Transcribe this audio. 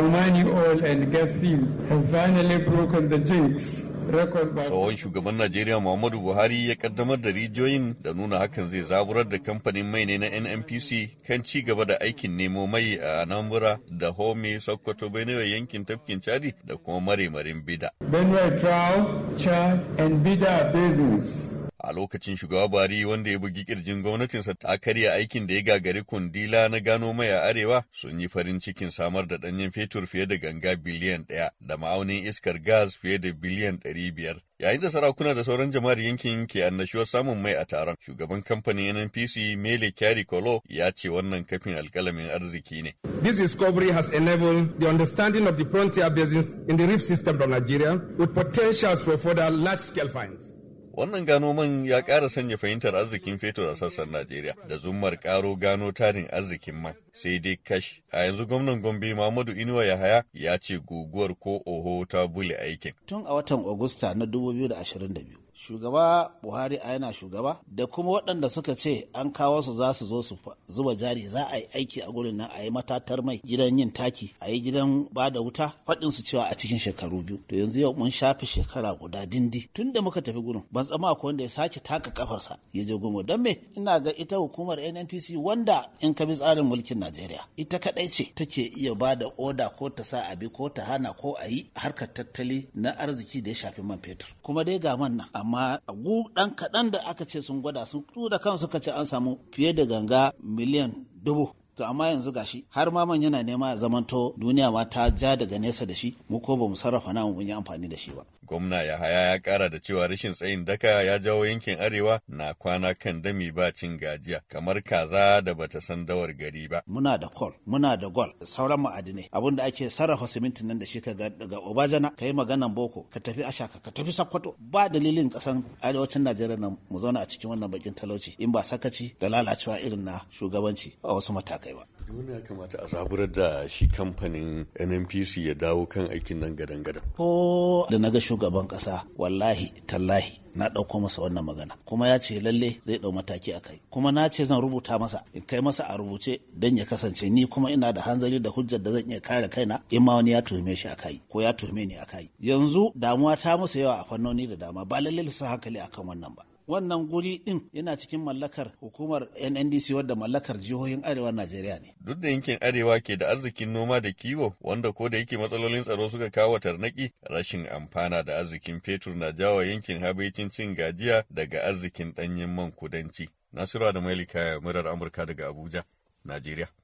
Romani Oil and Gas Field has finally broken the jinx Tsohon shugaban Najeriya Muhammadu Buhari ya kaddamar da rijiyoyin da nuna hakan zai zaburar da kamfanin mai ne na NNPC kan ci gaba da aikin nemo mai a Anambra da Home Sokoto Benue yankin tafkin Chadi da kuma maremarin Bida. Benue Trout, Chad and Bida Basins a lokacin shugaba Buhari wanda ya bugi kirjin gwamnatinsa ta karya aikin da ya gagari kundila na gano mai a arewa sun yi farin cikin samar da ɗanyen fetur fiye da ganga biliyan ɗaya da ma'aunin iskar gas fiye da biliyan ɗari biyar. Yayin da sarakuna da sauran jama'ar yankin ke annashuwar samun mai a taron, shugaban kamfanin NNPC Mele Kyari Kolo ya ce wannan kafin alkalamin arziki ne. This discovery has enabled the understanding of the frontier basins in the reef system of Nigeria with potentials for further large-scale finds. Wannan gano man ya ƙara sanya fahimtar arzikin fetur a sassan Najeriya da zummar karo gano tarin arzikin man. sai dai kash a yanzu gwamnan gombe Muhammadu Inuwa ya haya ya ce guguwar ko oho ta bule aikin. Tun a watan Agusta na 2022 shugaba Buhari a yana shugaba da kuma waɗanda suka ce an kawo su za su zo su zuba jari za a yi aiki a gurin nan a yi matatar mai gidan yin taki a yi gidan ba da wuta faɗin su cewa a cikin shekaru biyu to yanzu yau mun shafi shekara guda dindi tun da muka tafi gurin ban tsama ko wanda ya sake taka kafarsa ya je gumo don me ina ga ita hukumar NNPC wanda in ka bi tsarin mulkin Najeriya ita kadai ce take iya ba da oda ko ta sa abi ko ta hana ko a yi harkar tattali na arziki da ya shafi man fetur kuma dai ga man nan amma gu dan kaɗan da aka ce sun gwada sun da kansu suka ce an samu fiye da ganga miliyan dubu to amma yanzu gashi har ma man yana nema ya zamanto duniya ma ta ja daga nesa da shi mu ko mu sarrafa namu mun yi amfani da shi ba gwamna ya haya ya kara da cewa rashin tsayin daka ya jawo yankin arewa na kwana kan dami ba cin gajiya kamar kaza da bata san dawar gari ba muna da kol muna da gol sauran ma'adinai abun da ake sarrafa simintin nan da shi ka daga obajana kayi maganan boko ka tafi ashaka ka tafi sakkwato ba dalilin kasan arewacin najeriya nan mu zauna a cikin wannan bakin talauci in ba sakaci da lalacewa irin na shugabanci a wasu matakai yi ba. ya kamata a zaburar da shi kamfanin NNPC ya dawo kan aikin nan gadan-gadan. Ko da na ga shugaban ƙasa wallahi tallahi na ɗauko masa wannan magana kuma ya ce lalle zai ɗau mataki a kai kuma na ce zan rubuta masa in kai masa a rubuce don ya kasance ni kuma ina da hanzari da hujjar da zan iya kare kaina in ma wani ya tuhume shi a kai ko ya tuhume ni a kai yanzu damuwa ta musu yawa a fannoni da dama ba lalle su hankali akan wannan ba wannan guri din yana cikin mallakar hukumar NNDC wadda mallakar jihohin Arewa Najeriya ne. Duk da yankin Arewa ke da arzikin noma da kiwo wanda ko da yake matsalolin tsaro suka kawo tarnaki rashin amfana da arzikin fetur na jawo yankin habaicin cin gajiya daga arzikin ɗanyen man kudanci. Nasiru da Mailika murar Amurka daga Abuja, Najeriya.